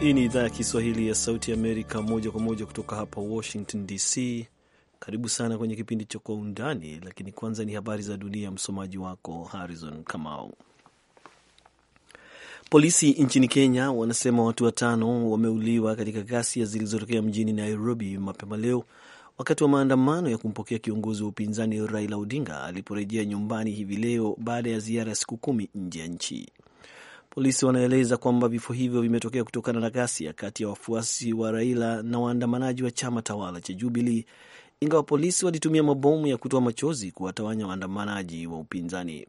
Hii ni idhaa ya Kiswahili ya Sauti Amerika, moja kwa moja kutoka hapa Washington DC. Karibu sana kwenye kipindi cha Kwa Undani, lakini kwanza ni habari za dunia. Msomaji wako Harrison Kamau. Polisi nchini Kenya wanasema watu watano wameuliwa katika ghasia zilizotokea mjini Nairobi mapema leo wakati wa maandamano ya kumpokea kiongozi wa upinzani Raila Odinga aliporejea nyumbani hivi leo baada ya ziara ya siku kumi nje ya nchi. Polisi wanaeleza kwamba vifo hivyo vimetokea kutokana na ghasia kati ya wafuasi wa Raila na waandamanaji wa chama tawala cha Jubilee, ingawa polisi walitumia mabomu ya kutoa machozi kuwatawanya waandamanaji wa upinzani.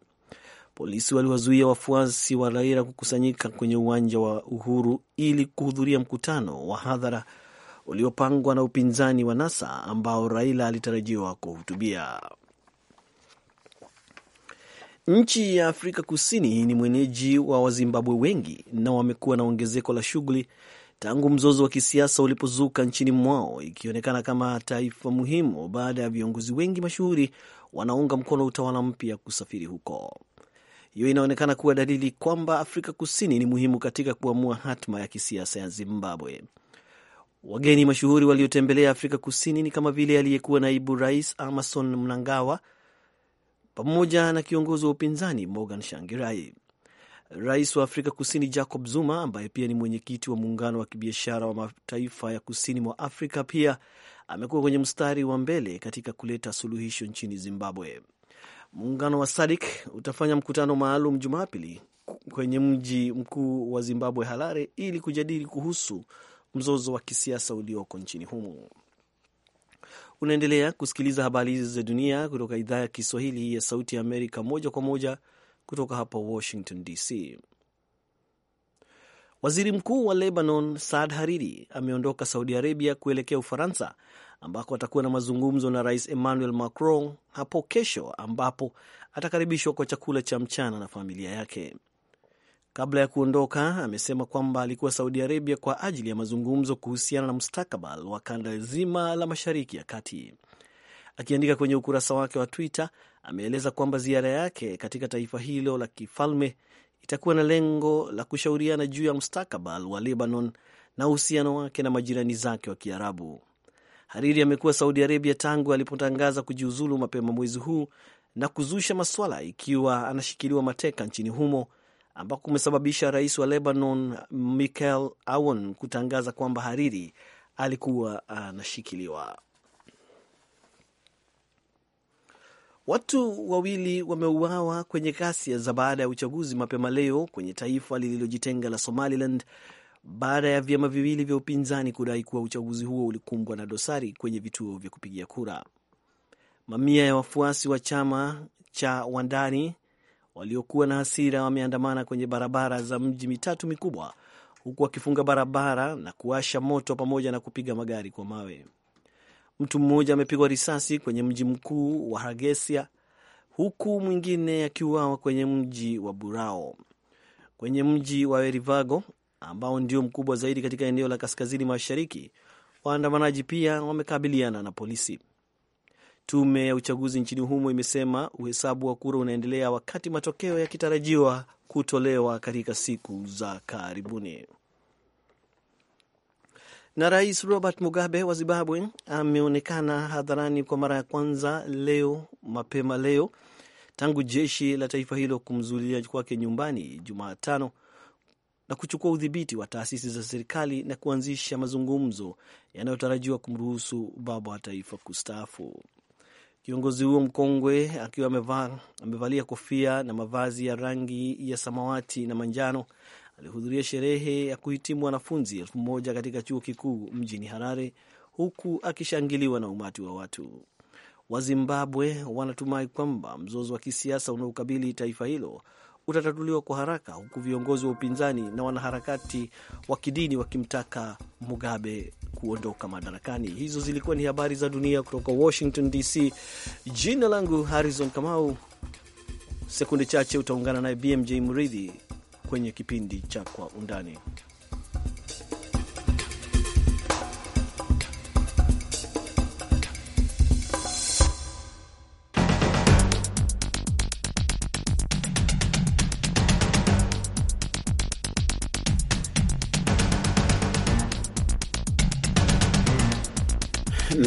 Polisi waliwazuia wafuasi wa Raila kukusanyika kwenye uwanja wa Uhuru ili kuhudhuria mkutano wa hadhara uliopangwa na upinzani wa NASA ambao Raila alitarajiwa kuhutubia. Nchi ya Afrika Kusini ni mwenyeji wa Wazimbabwe wengi na wamekuwa na ongezeko la shughuli tangu mzozo wa kisiasa ulipozuka nchini mwao, ikionekana kama taifa muhimu baada ya viongozi wengi mashuhuri wanaunga mkono utawala mpya kusafiri huko. Hiyo inaonekana kuwa dalili kwamba Afrika Kusini ni muhimu katika kuamua hatma ya kisiasa ya Zimbabwe. Wageni mashuhuri waliotembelea Afrika Kusini ni kama vile aliyekuwa naibu rais Emmerson Mnangagwa pamoja na kiongozi wa upinzani Morgan Shangirai. Rais wa Afrika Kusini Jacob Zuma, ambaye pia ni mwenyekiti wa muungano wa kibiashara wa mataifa ya kusini mwa Afrika, pia amekuwa kwenye mstari wa mbele katika kuleta suluhisho nchini Zimbabwe. Muungano wa SADIK utafanya mkutano maalum Jumapili kwenye mji mkuu wa Zimbabwe, Harare, ili kujadili kuhusu mzozo wa kisiasa ulioko nchini humo. Unaendelea kusikiliza habari hizi za dunia kutoka idhaa ya Kiswahili ya Sauti ya Amerika, moja kwa moja kutoka hapa Washington DC. Waziri mkuu wa Lebanon Saad Hariri ameondoka Saudi Arabia kuelekea Ufaransa ambako atakuwa na mazungumzo na Rais Emmanuel Macron hapo kesho, ambapo atakaribishwa kwa chakula cha mchana na familia yake. Kabla ya kuondoka, amesema kwamba alikuwa Saudi Arabia kwa ajili ya mazungumzo kuhusiana na mustakabali wa kanda zima la Mashariki ya Kati. Akiandika kwenye ukurasa wake wa Twitter, ameeleza kwamba ziara yake katika taifa hilo la kifalme itakuwa na lengo la kushauriana juu ya mustakabali wa Lebanon na uhusiano wake na majirani zake wa Kiarabu. Hariri amekuwa Saudi Arabia tangu alipotangaza kujiuzulu mapema mwezi huu na kuzusha maswala ikiwa anashikiliwa mateka nchini humo ambako kumesababisha rais wa Lebanon Michel Aoun kutangaza kwamba Hariri alikuwa anashikiliwa. Watu wawili wameuawa kwenye ghasia za baada ya uchaguzi mapema leo kwenye taifa lililojitenga la Somaliland baada ya vyama viwili vya upinzani kudai kuwa uchaguzi huo ulikumbwa na dosari kwenye vituo vya kupigia kura. Mamia ya wafuasi wa chama cha wandani waliokuwa na hasira wameandamana kwenye barabara za mji mitatu mikubwa huku wakifunga barabara na kuasha moto pamoja na kupiga magari kwa mawe. Mtu mmoja amepigwa risasi kwenye mji mkuu wa Hargeisa huku mwingine akiuawa kwenye mji wa Burao. Kwenye mji wa Werivago ambao ndio mkubwa zaidi katika eneo la kaskazini mashariki, waandamanaji pia wamekabiliana na polisi. Tume ya uchaguzi nchini humo imesema uhesabu wa kura unaendelea wakati matokeo yakitarajiwa kutolewa katika siku za karibuni. Na Rais Robert Mugabe wa Zimbabwe ameonekana hadharani kwa mara ya kwanza leo mapema leo tangu jeshi la taifa hilo kumzuilia kwake nyumbani Jumatano na kuchukua udhibiti wa taasisi za serikali na kuanzisha mazungumzo yanayotarajiwa kumruhusu baba wa taifa kustaafu. Kiongozi huo mkongwe akiwa amevalia kofia na mavazi ya rangi ya samawati na manjano alihudhuria sherehe ya kuhitimu wanafunzi elfu moja katika chuo kikuu mjini Harare huku akishangiliwa na umati wa watu. Wazimbabwe wanatumai kwamba mzozo wa kisiasa unaokabili taifa hilo utatatuliwa kwa haraka, huku viongozi wa upinzani na wanaharakati wa kidini wakimtaka Mugabe kuondoka madarakani. Hizo zilikuwa ni habari za dunia kutoka Washington DC. Jina langu Harrison Kamau. Sekunde chache utaungana naye BMJ mridhi kwenye kipindi cha Kwa Undani.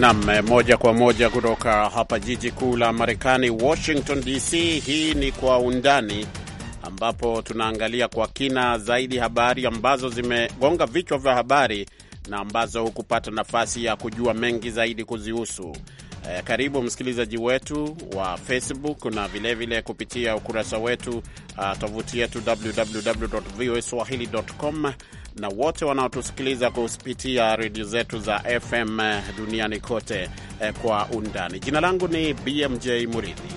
Nam moja kwa moja kutoka hapa jiji kuu la Marekani, Washington DC. Hii ni Kwa Undani, ambapo tunaangalia kwa kina zaidi habari ambazo zimegonga vichwa vya habari na ambazo hukupata nafasi ya kujua mengi zaidi kuzihusu. Eh, karibu msikilizaji wetu wa Facebook na vilevile vile kupitia ukurasa wetu uh, tovuti yetu www.voaswahili.com na wote wanaotusikiliza kupitia redio zetu za FM eh, duniani kote. Eh, kwa undani. Jina langu ni BMJ Muridhi.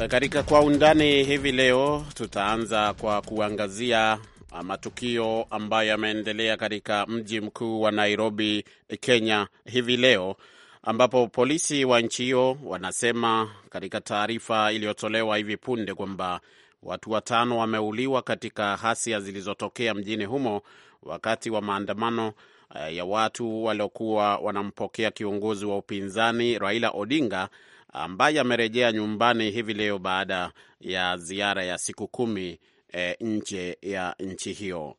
Eh, katika kwa undani hivi leo tutaanza kwa kuangazia matukio ambayo yameendelea katika mji mkuu wa Nairobi, Kenya hivi leo ambapo polisi wa nchi hiyo wanasema katika taarifa iliyotolewa hivi punde kwamba watu watano wameuliwa katika ghasia zilizotokea mjini humo wakati wa maandamano eh, ya watu waliokuwa wanampokea kiongozi wa upinzani Raila Odinga ambaye amerejea nyumbani hivi leo baada ya ziara ya siku kumi e, nje ya nchi hiyo.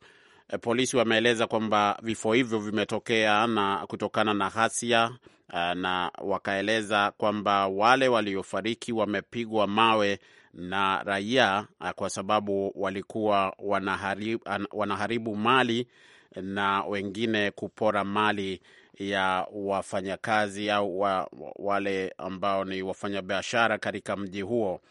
E, polisi wameeleza kwamba vifo hivyo vimetokea na kutokana na ghasia eh, na wakaeleza kwamba wale waliofariki wamepigwa mawe na raia kwa sababu walikuwa wanaharibu, wanaharibu mali na wengine kupora mali ya wafanyakazi au wa, wale ambao ni wafanyabiashara katika mji huo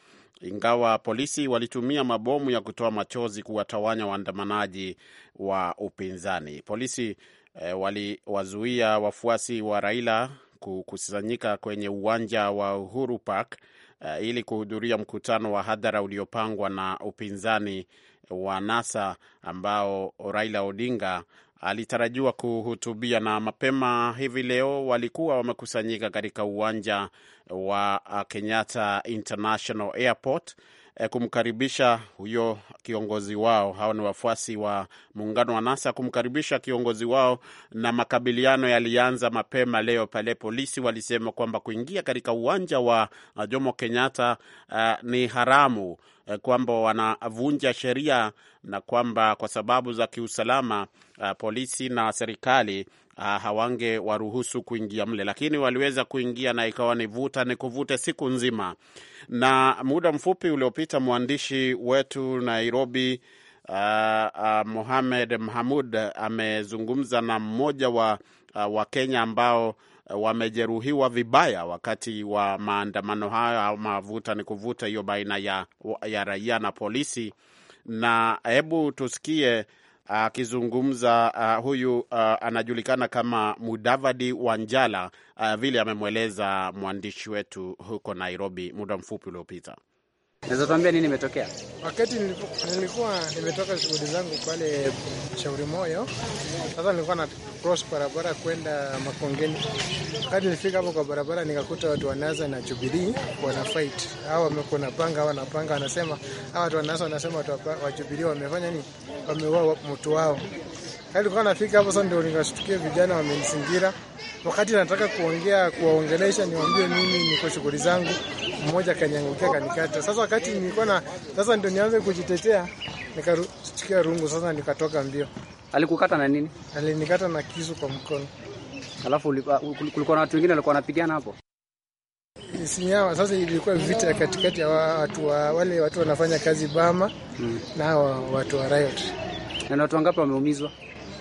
ingawa polisi walitumia mabomu ya kutoa machozi kuwatawanya waandamanaji wa upinzani. Polisi e, waliwazuia wafuasi wa Raila kukusanyika kwenye uwanja wa Uhuru Park e, ili kuhudhuria mkutano wa hadhara uliopangwa na upinzani wa NASA ambao Raila Odinga alitarajiwa kuhutubia, na mapema hivi leo walikuwa wamekusanyika katika uwanja wa Kenyatta International Airport eh, kumkaribisha huyo kiongozi wao, Hawa ni wafuasi wa muungano wa NASA, kumkaribisha kiongozi wao, na makabiliano yalianza mapema leo pale polisi walisema kwamba kuingia katika uwanja wa eh, Jomo Kenyatta uh, ni haramu eh, kwamba wanavunja sheria na kwamba kwa sababu za kiusalama, uh, polisi na serikali Ah, hawange waruhusu kuingia mle, lakini waliweza kuingia na ikawa ni vuta ni kuvute siku nzima. Na muda mfupi uliopita mwandishi wetu Nairobi uh, ah, uh, ah, Mohamed Mahmud amezungumza na mmoja wa uh, Kenya ambao wamejeruhiwa vibaya wakati wa maandamano hayo au mavuta ni kuvuta hiyo baina ya, ya raia na polisi. Na hebu tusikie akizungumza uh, uh, huyu uh, anajulikana kama Mudavadi Wanjala uh, vile amemweleza mwandishi wetu huko Nairobi muda mfupi uliopita. Naweza tuambia nini imetokea? Wakati nilikuwa nimetoka shughuli zangu pale Shauri Moyo, sasa nilikuwa na cross barabara kwenda Makongeni. Wakati nilifika hapo kwa barabara, nikakuta watu wa NASA na Jubilee wana fight. Hao wamekuwa na panga, wanapanga, wanasema hao watu wa NASA wanasema watu wa Jubilee wamefanya nini? Wameua mtu wao. Nilikuwa nafika hapo sasa ndio nikashtukia vijana wamenizingira. Wakati nataka kuongea kuwaongelesha niwaambie mimi niko shughuli zangu, mmoja kanyangukia kanikata. Sasa wakati nilikuwa na sasa ndio nianze kujitetea, nikashtukia rungu sasa nikatoka mbio. Alikukata na nini? Alinikata na kisu kwa mkono. Alafu kulikuwa na watu wengine walikuwa wanapigana hapo. Sinyawa, sasa ilikuwa vita ya katikati ya watu wa, wale watu wanafanya kazi Bama hmm, na hawa watu wa riot. Na watu wangapi wameumizwa?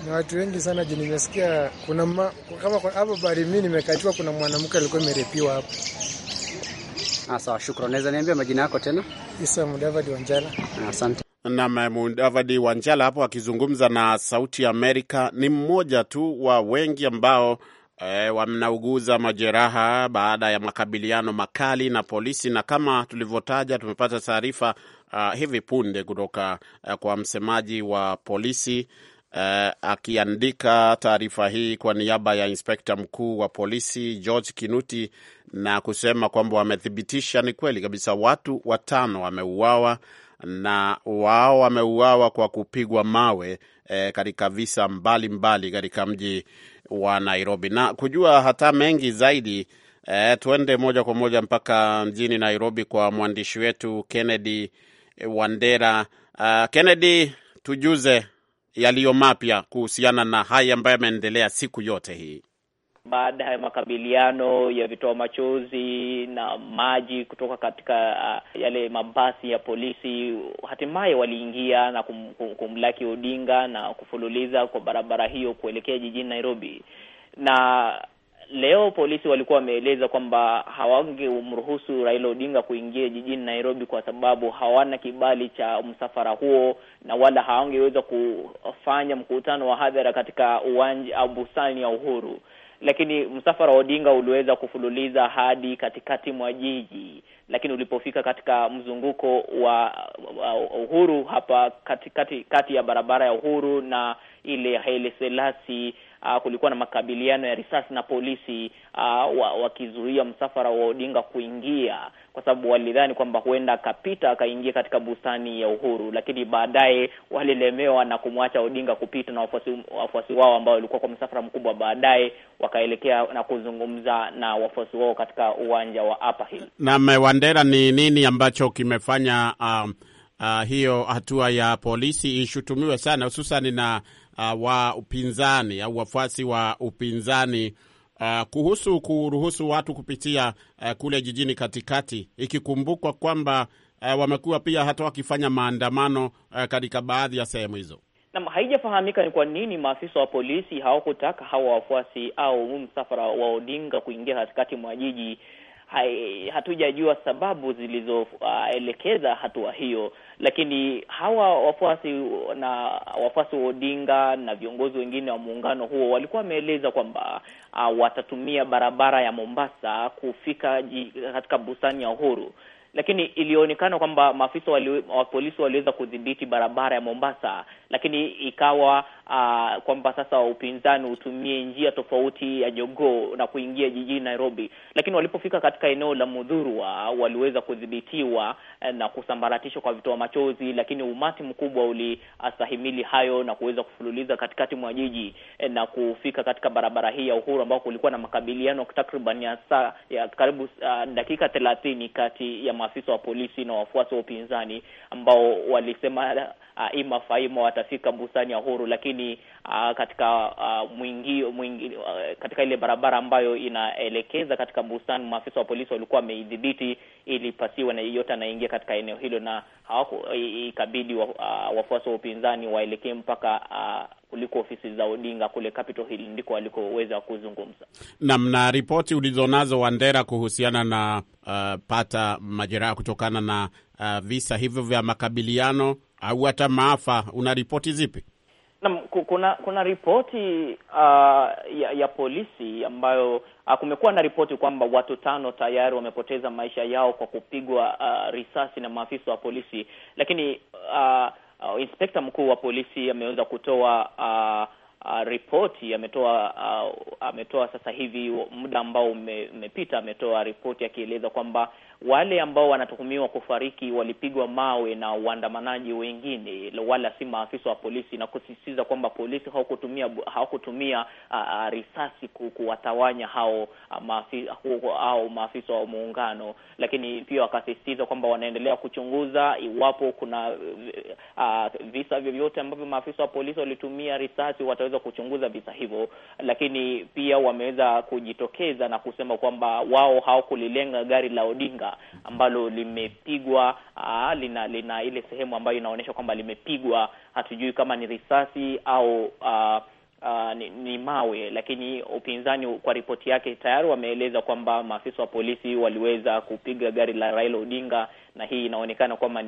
na watu wengi sana je, Nimesikia kuna ma, kama hapo bari mimi nimekatiwa, kuna mwanamke alikuwa imerepiwa hapo. Ah, sawa, shukrani. Naweza niambia majina yako tena? Isa Mudavadi Wanjala. Asante. Na eh, Mudavadi Wanjala hapo akizungumza na Sauti Amerika, ni mmoja tu wa wengi ambao E, wamnauguza majeraha baada ya makabiliano makali na polisi, na kama tulivyotaja, tumepata taarifa uh, hivi punde kutoka uh, kwa msemaji wa polisi uh, akiandika taarifa hii kwa niaba ya inspekta mkuu wa polisi George Kinuti na kusema kwamba wamethibitisha ni kweli kabisa watu watano wameuawa na wao wameuawa kwa kupigwa mawe eh, katika visa mbalimbali katika mji wa Nairobi. Na kujua hata mengi zaidi eh, tuende moja kwa moja mpaka mjini Nairobi kwa mwandishi wetu Kennedy Wandera. Uh, Kennedy, tujuze yaliyo mapya kuhusiana na haya ambayo yameendelea siku yote hii baada ya makabiliano ya vitoa machozi na maji kutoka katika uh, yale mabasi ya polisi, hatimaye waliingia na kum, kum, kumlaki Odinga na kufululiza kwa barabara hiyo kuelekea jijini Nairobi na leo polisi walikuwa wameeleza kwamba hawangemruhusu Raila Odinga kuingia jijini Nairobi kwa sababu hawana kibali cha msafara huo na wala hawangeweza kufanya mkutano wa hadhara katika uwanja au bustani ya Uhuru. Lakini msafara wa Odinga uliweza kufululiza hadi katikati mwa jiji, lakini ulipofika katika mzunguko wa Uhuru hapa katikati kati ya barabara ya Uhuru na ile Haile Selassie uh, kulikuwa na makabiliano ya risasi na polisi uh, wakizuia wa msafara wa Odinga kuingia kwa sababu walidhani kwamba huenda akapita akaingia katika bustani ya Uhuru, lakini baadaye walilemewa na kumwacha Odinga kupita na wafuasi, wafuasi wao ambao walikuwa kwa msafara mkubwa, baadaye wakaelekea na kuzungumza na wafuasi wao katika uwanja wa Upper Hill. Na Wandera, ni nini ambacho kimefanya um, uh, hiyo hatua ya polisi ishutumiwe sana hususan na uh, wa upinzani au wafuasi wa upinzani uh, kuhusu kuruhusu watu kupitia uh, kule jijini katikati, ikikumbukwa kwamba uh, wamekuwa pia hata wakifanya maandamano uh, katika baadhi ya sehemu hizo. Nam, haijafahamika ni kwa nini maafisa wa polisi hawakutaka hawa wafuasi au msafara wa Odinga kuingia katikati mwa jiji. Hatujajua sababu zilizoelekeza uh, hatua hiyo, lakini hawa wafuasi na wafuasi wa Odinga na viongozi wengine wa muungano huo walikuwa wameeleza kwamba uh, watatumia barabara ya Mombasa kufika katika bustani ya Uhuru, lakini ilionekana kwamba maafisa wa polisi waliweza kudhibiti barabara ya Mombasa, lakini ikawa uh, kwamba sasa upinzani utumie njia tofauti ya jogoo na kuingia jijini Nairobi, lakini walipofika katika eneo la Mudhurwa ah, waliweza kudhibitiwa eh, na kusambaratishwa kwa vitoa machozi, lakini umati mkubwa ulistahimili hayo na kuweza kufululiza katikati mwa jiji eh, na kufika katika barabara hii ya Uhuru ambao kulikuwa na makabiliano takriban ya saa ya karibu uh, dakika thelathini kati ya maafisa wa polisi na wafuasi wa upinzani ambao walisema uh, ima faima watafika bustani ya Uhuru, lakini uh, katika uh, mwingi, mwingi, uh, katika ile barabara ambayo inaelekeza katika bustani, maafisa wa polisi walikuwa wameidhibiti ili pasiwe na yeyote anaingia katika eneo hilo, na hawako ikabidi wa, uh, wafuasi wa upinzani waelekee mpaka uh, kuliko ofisi za Odinga kule Capitol Hill ndiko walikoweza kuzungumza. Naam, na ripoti ulizonazo Wandera, kuhusiana na uh, pata majeraha kutokana na uh, visa hivyo vya makabiliano au hata maafa, una ripoti zipi? Naam, kuna kuna ripoti uh, ya, ya polisi ambayo uh, kumekuwa na ripoti kwamba watu tano tayari wamepoteza maisha yao kwa kupigwa uh, risasi na maafisa wa polisi, lakini uh, uh, inspekta mkuu wa polisi ameweza kutoa uh, Uh, ripoti ametoa uh, ametoa sasa hivi muda ambao umepita, ametoa ripoti akieleza kwamba wale ambao wanatuhumiwa kufariki walipigwa mawe na waandamanaji wengine, wala si maafisa wa polisi, na kusisitiza kwamba polisi hawakutumia hawakutumia uh, risasi kuwatawanya hao uh, maafisa au maafisa wa muungano, lakini pia wakasisitiza kwamba wanaendelea kuchunguza iwapo kuna uh, visa vyovyote ambavyo maafisa wa polisi walitumia risasi, wataweza kuchunguza visa hivyo. Lakini pia wameweza kujitokeza na kusema kwamba wao hawakulilenga gari la Odinga ambalo limepigwa aa, ah, lina, lina ile sehemu ambayo inaonyesha kwamba limepigwa, hatujui kama ni risasi au aa, Uh, ah, ni, ni mawe, lakini upinzani kwa ripoti yake tayari wameeleza kwamba maafisa wa polisi waliweza kupiga gari la Raila Odinga na hii inaonekana kwamba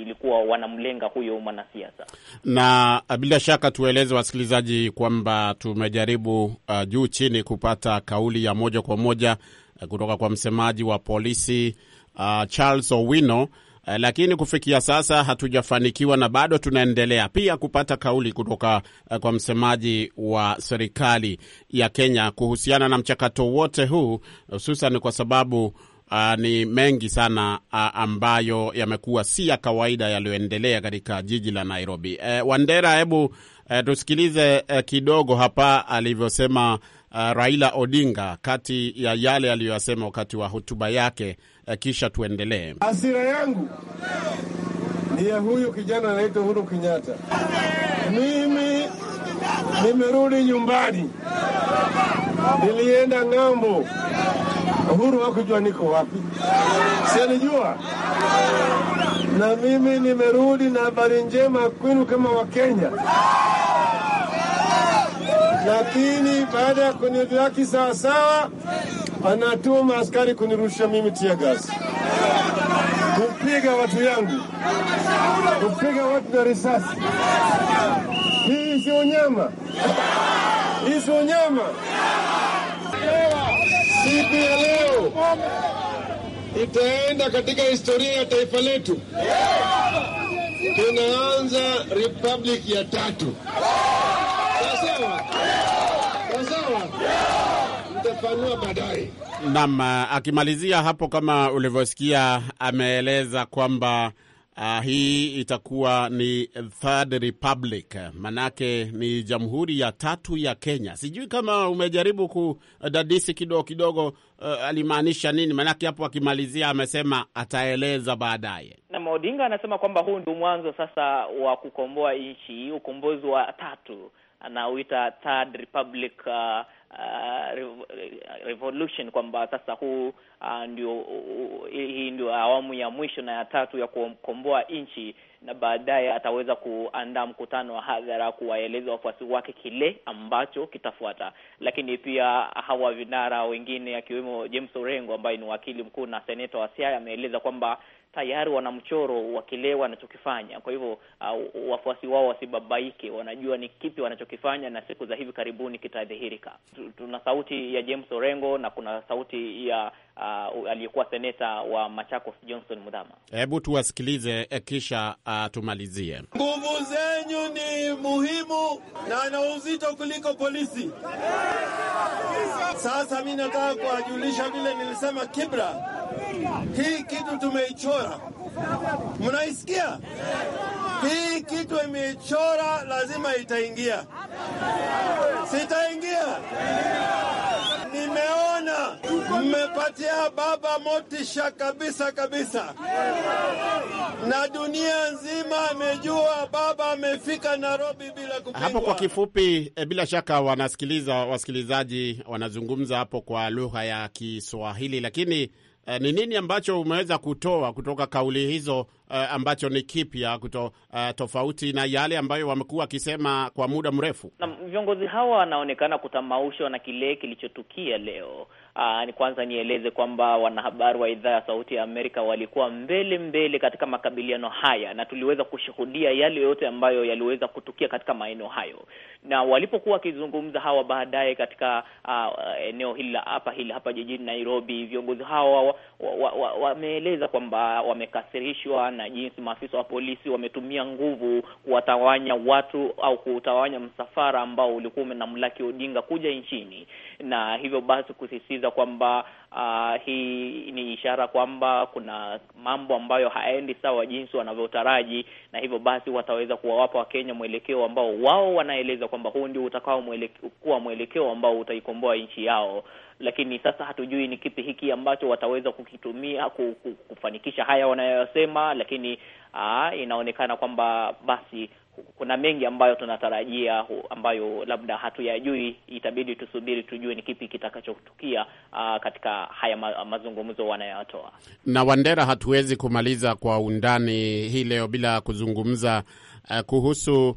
ilikuwa wanamlenga huyo mwanasiasa. Na ah, bila shaka tueleze wasikilizaji kwamba tumejaribu uh, juu chini kupata kauli ya moja kwa moja Eh, kutoka kwa msemaji wa polisi uh, Charles Owino. Uh, lakini kufikia sasa hatujafanikiwa na bado tunaendelea pia kupata kauli kutoka uh, kwa msemaji wa serikali ya Kenya kuhusiana na mchakato wote huu, hususan kwa sababu uh, ni mengi sana uh, ambayo yamekuwa si ya kawaida yaliyoendelea katika jiji la Nairobi. Uh, Wandera, hebu uh, tusikilize uh, kidogo hapa alivyosema uh, Raila Odinga kati ya yale aliyoyasema wakati wa hotuba yake uh, kisha tuendelee. Hasira yangu ni ya huyu kijana anaitwa Uhuru Kenyatta. Mimi nimerudi nyumbani, nilienda ng'ambo. Uhuru hakujua niko wapi, sianijua na mimi nimerudi na habari njema kwenu kama Wakenya lakini baada ya kunidhihaki sawasawa, anatuma askari kunirusha mimi tia gasi, kupiga watu yangu, kupiga watu na risasi. Hii si unyama? Hii si unyama? Siku ya leo itaenda katika historia ya taifa letu. Tunaanza republic ya tatu. tutafafanua baadaye. Naam, uh, akimalizia hapo, kama ulivyosikia, ameeleza kwamba Uh, hii itakuwa ni Third Republic, manake ni jamhuri ya tatu ya Kenya. Sijui kama umejaribu kudadisi kidogo kidogo, uh, alimaanisha nini? Manake hapo akimalizia amesema ataeleza baadaye. Na Odinga anasema kwamba huu ndio mwanzo sasa wa kukomboa nchi, ukombozi wa tatu, anauita Third Republic uh, Uh, uh, revolution kwamba sasa huu uh, ndio uh, hii ndio awamu ya mwisho na ya tatu ya kukomboa nchi, na baadaye ataweza kuandaa mkutano wa hadhara kuwaeleza wafuasi wake kile ambacho kitafuata. Lakini pia hawa vinara wengine akiwemo James Orengo ambaye ni wakili mkuu na seneta wa Siaya ameeleza kwamba tayari wana mchoro wa kile wanachokifanya. Kwa hivyo uh, wafuasi wao wasibabaike, wanajua ni kipi wanachokifanya na siku za hivi karibuni kitadhihirika. Tuna sauti ya James Orengo na kuna sauti ya uh, aliyekuwa seneta wa Machakos Johnson Mudhama. Hebu tuwasikilize eh, kisha uh, tumalizie. Nguvu zenyu ni muhimu na na uzito kuliko polisi. Sasa mi nataka kuwajulisha vile nilisema Kibra hii kitu tumeichora, mnaisikia? Hii kitu imeichora, lazima itaingia. Sitaingia? Nimeona mmepatia baba motisha kabisa kabisa, na dunia nzima amejua baba amefika Nairobi bila kupingwa. Hapo kwa kifupi, e, bila shaka wanasikiliza wasikilizaji wanazungumza hapo kwa lugha ya Kiswahili, lakini Eh, ni nini ambacho umeweza kutoa kutoka kauli hizo eh, ambacho ni kipya kuto, eh, tofauti na yale ambayo wamekuwa wakisema kwa muda mrefu? Na viongozi hawa wanaonekana kutamaushwa na kile kilichotukia leo Aa, ah, kwanza nieleze kwamba wanahabari wa idhaa ya Sauti ya Amerika walikuwa mbele mbele katika makabiliano haya, na tuliweza kushuhudia yale yote ambayo yaliweza kutukia katika maeneo hayo, na walipokuwa wakizungumza hawa baadaye katika uh, eneo hili la hapa hili hapa jijini Nairobi, viongozi hawa wameeleza wa, wa, wa kwamba wamekasirishwa na jinsi maafisa wa polisi wametumia nguvu kuwatawanya watu au kutawanya msafara ambao ulikuwa unamlaki Odinga kuja nchini, na hivyo basi kusisitiza kueleza kwamba uh, hii ni ishara kwamba kuna mambo ambayo haendi sawa jinsi wanavyotaraji, na hivyo basi wataweza kuwawapa Wakenya mwelekeo ambao wao wanaeleza kwamba huu ndio utakao mwelekeo, kuwa mwelekeo ambao utaikomboa nchi yao. Lakini sasa hatujui ni kipi hiki ambacho wataweza kukitumia kufanikisha haya wanayosema, lakini uh, inaonekana kwamba basi kuna mengi ambayo tunatarajia ambayo labda hatuyajui, itabidi tusubiri tujue ni kipi kitakachotukia uh, katika haya ma mazungumzo wanayotoa na Wandera. Hatuwezi kumaliza kwa undani hii leo bila kuzungumza uh, kuhusu uh,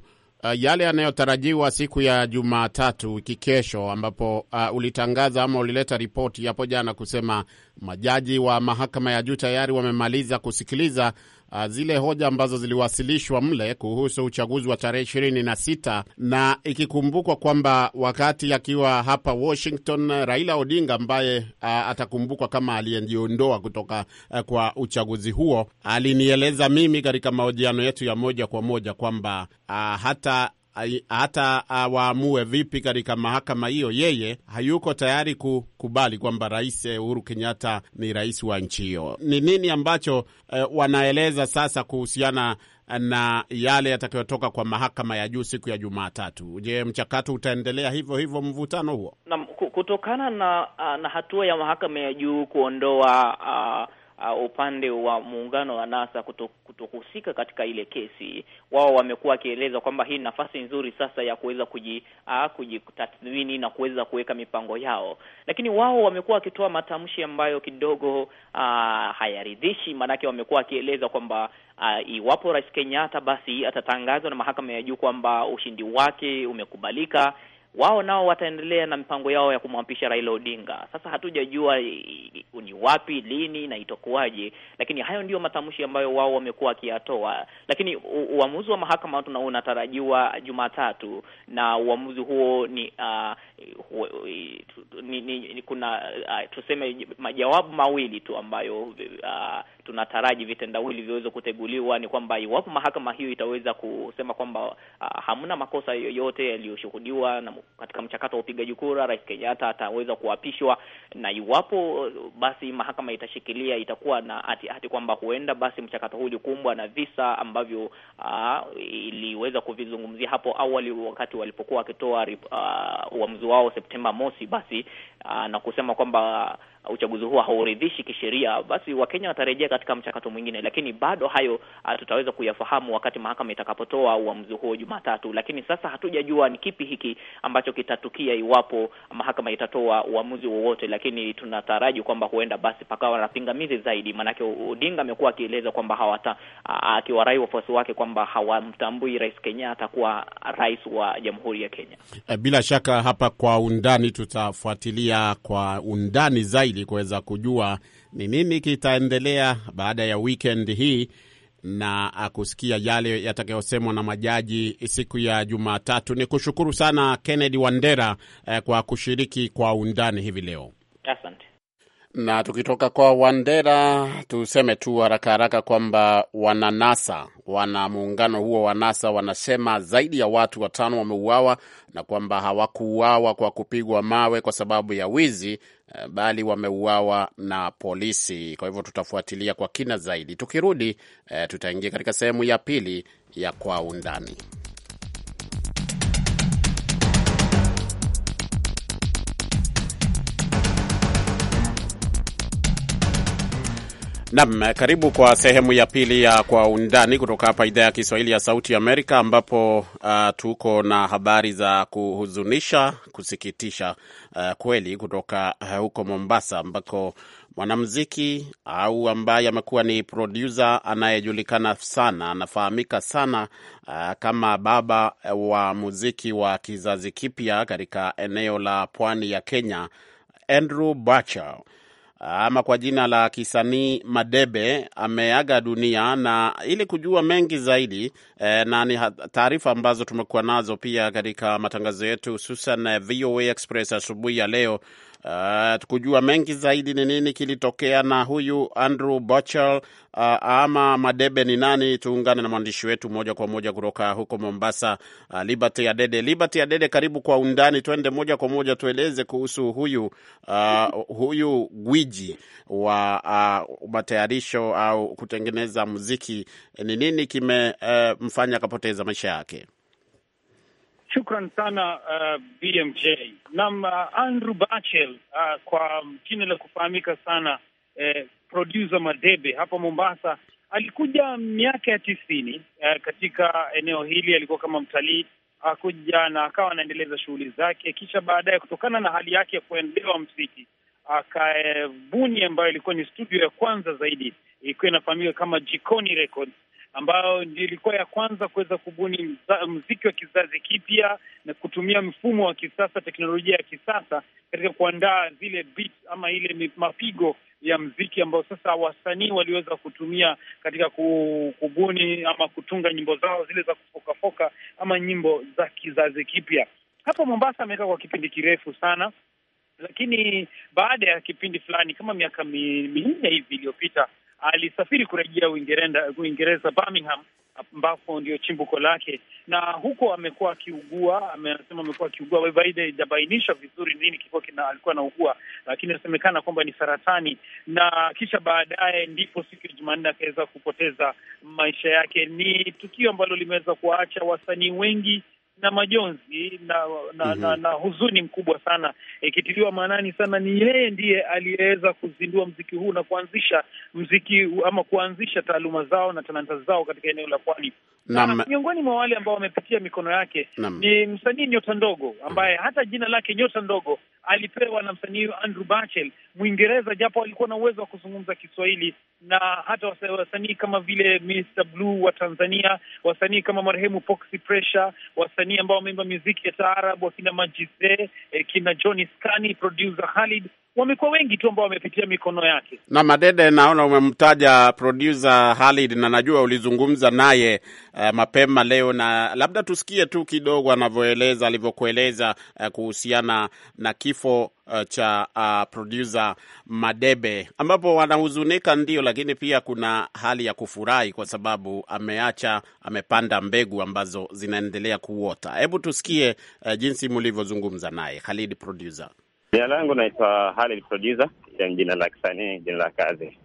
yale yanayotarajiwa siku ya Jumatatu wiki kesho, ambapo uh, ulitangaza ama ulileta ripoti hapo jana kusema majaji wa mahakama ya juu tayari wamemaliza kusikiliza Ah, zile hoja ambazo ziliwasilishwa mle kuhusu uchaguzi wa tarehe ishirini na sita na ikikumbukwa kwamba wakati akiwa hapa Washington, Raila Odinga ambaye ah, atakumbukwa kama aliyejiondoa kutoka eh, kwa uchaguzi huo alinieleza mimi katika mahojiano yetu ya moja kwa moja kwamba ah, hata hata ah, waamue vipi katika mahakama hiyo, yeye hayuko tayari kukubali kwamba Rais eh, Uhuru Kenyatta ni rais wa nchi hiyo. Ni nini ambacho eh, wanaeleza sasa kuhusiana eh, na yale yatakayotoka kwa mahakama ya juu siku ya Jumatatu. Je, mchakato utaendelea hivyo hivyo, mvutano huo? Na kutokana na, ah, na hatua ya mahakama ya juu kuondoa uh, uh, upande wa muungano wa NASA kutohusika katika ile kesi, wao wamekuwa wakieleza kwamba hii nafasi nzuri sasa ya kuweza kuji uh, kujitathmini na kuweza kuweka mipango yao, lakini wao wamekuwa wakitoa matamshi ambayo kidogo uh, hayaridhishi, maanake wamekuwa wakieleza kwamba Uh, iwapo Rais Kenyatta basi atatangazwa na mahakama ya juu kwamba ushindi wake umekubalika, wao nao wataendelea na mipango yao ya kumwapisha Raila Odinga. Sasa hatujajua ni wapi, lini na itakuwaje, lakini hayo ndiyo matamshi ambayo wao wamekuwa wakiyatoa. Lakini uamuzi wa mahakama unatarajiwa Jumatatu, na uamuzi huo ni, uh, hu, ni, ni, ni kuna uh, tuseme majawabu mawili tu ambayo uh, tunataraji vitendawili viweze kuteguliwa ni kwamba iwapo mahakama hiyo itaweza kusema kwamba uh, hamna makosa yoyote yaliyoshuhudiwa na katika mchakato wa upigaji kura, Rais Kenyatta ataweza kuapishwa, na iwapo basi mahakama itashikilia, itakuwa na hati kwamba huenda basi mchakato huu ulikumbwa na visa ambavyo uh, iliweza kuvizungumzia hapo awali wakati walipokuwa wakitoa ah, uamuzi uh, wao Septemba mosi, basi uh, na kusema kwamba uh, Uh, uchaguzi huo hauridhishi kisheria, basi Wakenya watarejea katika mchakato mwingine, lakini bado hayo uh, tutaweza kuyafahamu wakati mahakama itakapotoa uamuzi huo Jumatatu. Lakini sasa hatujajua ni kipi hiki ambacho kitatukia iwapo mahakama itatoa uamuzi wowote, lakini tunataraji kwamba huenda basi pakawa na pingamizi zaidi, maanake Odinga amekuwa akieleza kwamba hawata, uh, akiwarai wafuasi wake kwamba hawamtambui Rais Kenyatta kuwa rais wa Jamhuri ya Kenya. Eh, bila shaka hapa kwa undani tutafuatilia kwa undani zaidi ili kuweza kujua ni nini kitaendelea baada ya weekend hii na kusikia yale yatakayosemwa na majaji siku ya Jumatatu. Ni kushukuru sana Kennedy Wandera eh, kwa kushiriki kwa undani hivi leo. Asante. Na tukitoka kwa Wandera, tuseme tu haraka haraka kwamba wananasa wana muungano huo wa NASA wanasema zaidi ya watu watano wameuawa na kwamba hawakuuawa kwa kupigwa mawe kwa sababu ya wizi, eh, bali wameuawa na polisi. Kwa hivyo tutafuatilia kwa kina zaidi. Tukirudi, eh, tutaingia katika sehemu ya pili ya kwa undani. Nam, karibu kwa sehemu ya pili ya Kwa Undani kutoka hapa idhaa ya Kiswahili ya Sauti Amerika, ambapo uh, tuko na habari za kuhuzunisha, kusikitisha uh, kweli kutoka uh, huko Mombasa, ambako mwanamuziki au ambaye amekuwa ni produsa anayejulikana sana, anafahamika sana uh, kama baba wa muziki wa kizazi kipya katika eneo la pwani ya Kenya, Andrew Bacha ama kwa jina la kisanii Madebe ameaga dunia, na ili kujua mengi zaidi eh, na ni taarifa ambazo tumekuwa nazo pia katika matangazo yetu hususan eh, VOA Express asubuhi ya leo uh, ah, kujua mengi zaidi ni nini kilitokea na huyu Andrew Bochel uh, ah, ama Madebe ni nani, tuungane na mwandishi wetu moja kwa moja kutoka huko Mombasa, uh, Liberty Adede. Liberty Adede, karibu kwa undani. Tuende moja kwa moja, tueleze kuhusu huyu uh, huyu gwiji wa uh, matayarisho au kutengeneza muziki, ni nini kimemfanya eh, uh, akapoteza maisha yake? Shukran sana uh, BMJ nam uh, Andrew Bachel uh, kwa jina la kufahamika sana eh, producer Madebe hapa Mombasa alikuja miaka ya tisini eh, katika eneo hili alikuwa kama mtalii akuja na akawa anaendeleza shughuli zake, kisha baadaye, kutokana na hali yake ya kuendewa mziki, akabuni ambayo ilikuwa ni studio ya kwanza zaidi, ilikuwa inafahamika kama Jikoni Records ambayo ndio ilikuwa ya kwanza kuweza kubuni mziki wa kizazi kipya na kutumia mfumo wa kisasa, teknolojia ya kisasa katika kuandaa zile beat ama ile mapigo ya mziki ambao sasa wasanii waliweza kutumia katika kubuni ama kutunga nyimbo zao zile za kufokafoka ama nyimbo za kizazi kipya. Hapa Mombasa amekaa kwa kipindi kirefu sana, lakini baada ya kipindi fulani kama miaka minne hivi iliyopita alisafiri kurejea Uingereza, Birmingham, ambapo ndio chimbuko lake, na huko amekuwa akiugua. Amesema amekuwa akiugua, aidha ijabainishwa vizuri nini kilikuwa kina alikuwa anaugua, lakini inasemekana kwamba ni saratani, na kisha baadaye ndipo siku ya Jumanne akaweza kupoteza maisha yake. Ni tukio ambalo limeweza kuwaacha wasanii wengi na majonzi na na, mm -hmm. na mhm. na huzuni mkubwa sana ikitiliwa e, maanani sana ni yeye ndiye aliyeweza kuzindua mziki huu na kuanzisha mziki ama kuanzisha taaluma zao na talanta zao katika eneo la pwani. Miongoni mwa wale ambao wamepitia mikono yake Nam. ni msanii Nyota Ndogo ambaye hata jina lake Nyota Ndogo alipewa na msanii Andrew Bachel Mwingereza, japo alikuwa na uwezo wa kuzungumza Kiswahili, na hata wasanii kama vile Mr Blue wa Tanzania, wasanii kama marehemu Poxy Pressure, wasanii ambao wameimba muziki ya taarabu, wakina Majize, eh, kina Johnny Scani, producer Khalid wamekuwa wengi tu ambao wamepitia mikono yake. Na Madede, naona umemtaja producer Halid na najua ulizungumza naye uh, mapema leo, na labda tusikie tu kidogo anavyoeleza alivyokueleza uh, kuhusiana na kifo uh, cha uh, producer Madebe, ambapo wanahuzunika ndio, lakini pia kuna hali ya kufurahi kwa sababu ameacha amepanda mbegu ambazo zinaendelea kuota. Hebu tusikie uh, jinsi mlivyozungumza naye Halid producer. Jina langu naitwa Produsa, ya jina la kisanii, jina la kazi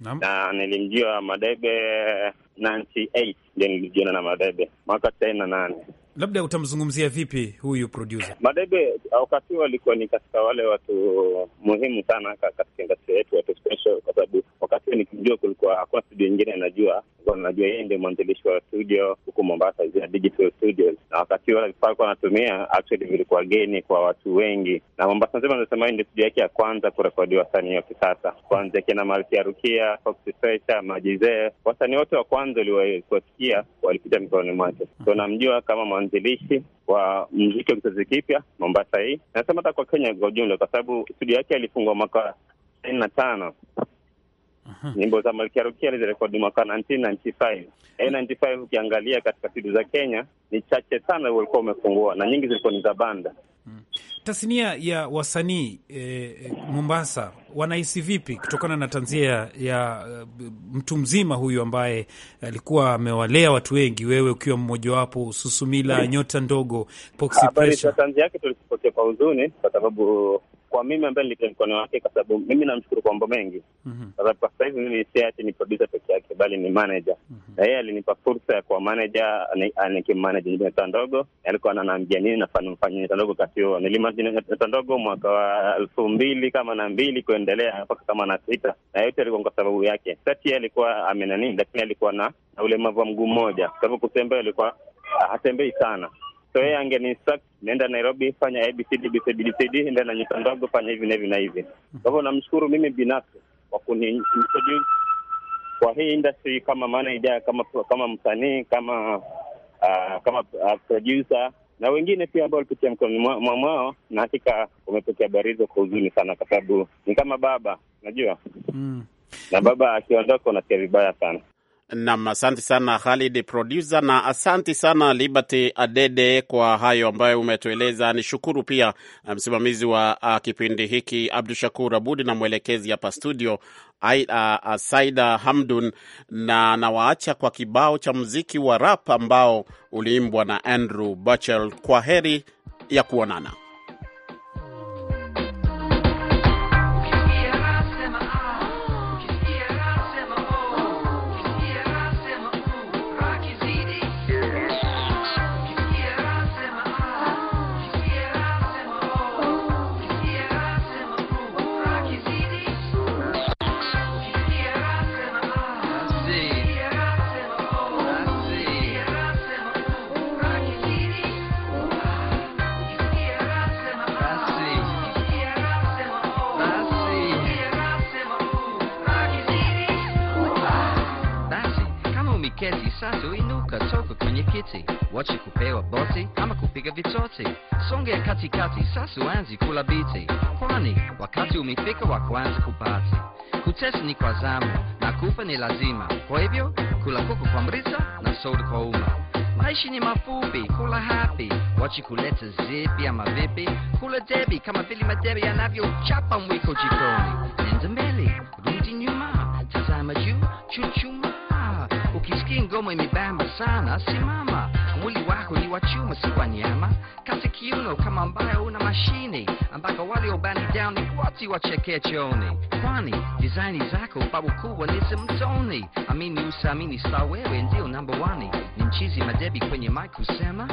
na, na nilimjua Madebe 98 ndio nilijiona na Madebe mwaka tisini na nane. Labda utamzungumzia vipi huyu producer Madebe? Wakati huo alikuwa ni katika wale watu muhimu sana katika industry yetu, watu special, kwa sababu sio nikijua, kulikuwa hakuna studio nyingine najua, najua yeye ndiye mwanzilishi wa studio huku Mombasa zina Digital Studios, na wakati wale vifaa alikuwa anatumia actually vilikuwa geni kwa watu wengi, na Mombasa nzima anasema hii ndio studio yake ya kwanza kurekodi wasanii wa kisasa, kuanzia kina Malkia Rukia, Foxy Majizee, wasanii wote wa kwanza uliwasikia walipita mikononi mwake. So namjua kama mwanzilishi wa mziki wa kizazi kipya Mombasa hii, nasema hata kwa Kenya kwa ujumla, kwa sababu studio yake alifungwa mwaka tisini na tano nyimbo za Malkia Rukia zilirekodi mwaka 1995. 95 ukiangalia katika studio za Kenya ni chache sana walikuwa umefungua, na nyingi zilikuwa ni za banda. Hmm. Tasnia ya wasanii e, Mombasa wanahisi vipi kutokana na tanzia ya eh, mtu mzima huyu ambaye alikuwa amewalea watu wengi, wewe ukiwa mmojawapo, Susumila, Nyota Ndogo, Poxi Pressure? tanzia yake tulizipokea kwa huzuni, kwa sababu kwa mimi ambaye nilitia mkono wake, kwa sababu mimi namshukuru kwa mambo mengi. mm -hmm. Kwa sasa hivi mimi si ati ni producer peke yake, bali ni manager mhm. na mm -hmm. yeye alinipa fursa ya kuwa manager, nikimanager nyota ndogo. Alikuwa ananiambia nini nafaa nifanye nyota ndogo, wakati huo nilimanager nyota ndogo mwaka wa elfu mbili kama na mbili kuendelea mpaka kama na sita, na yote alikuwa kwa sababu yake. Sasa yeye alikuwa amenani, lakini alikuwa na ulemavu wa mguu mmoja, kwa sababu kutembea alikuwa hatembei sana So yeye angeniinstruct nenda Nairobi, fanya ABCD, BCD, DCD, nenda na nyuta ndogo, fanya hivi na hivi na hivi. Kwa hivyo namshukuru mimi binafsi kwa kuniintroduce kwa hii industry kama manager, kama kama msanii, kama uh, kama uh, producer na wengine pia ambao walipitia mkononi mwa mwao, na hakika umepokea habari hizo kwa huzuni sana, kwa sababu ni kama baba, unajua mm. na baba akiondoka unasikia vibaya sana. Nam, asante sana Khalid producer, na asante sana Liberty Adede kwa hayo ambayo umetueleza. Nishukuru pia eh, msimamizi wa ah, kipindi hiki Abdu Shakur Abud na mwelekezi hapa studio ah, Saida Hamdun, na nawaacha kwa kibao cha muziki wa rap ambao uliimbwa na Andrew Bachel. Kwa heri ya kuonana. kuketi, sasa inuka, toka kwenye kiti, wache kupewa boti ama kupiga vitoti, songe katikati, sasa uanze kula biti, kwani wakati umefika wa kuanza kupati. Kutesa ni kwa zamu na kufa ni lazima, kwa hivyo kula kuku kwa mrisa na soda kwa uma. maishi ni mafupi, kula hapi wachi kuleta zipi ama vipi, kula debi kama vili madebi anavyochapa mwiko jikoni. Nenda sana, simama. Mwili wako ni wa chuma, si wa nyama. kati kiuno kama mbaya una mashini ambako waliobandi down ni wati wacheke chooni, kwani dizaini zako babu kubwa ni simtoni. Amini usamini, sa wewe ndio namba wani, ni mchizi madebi kwenye mic usema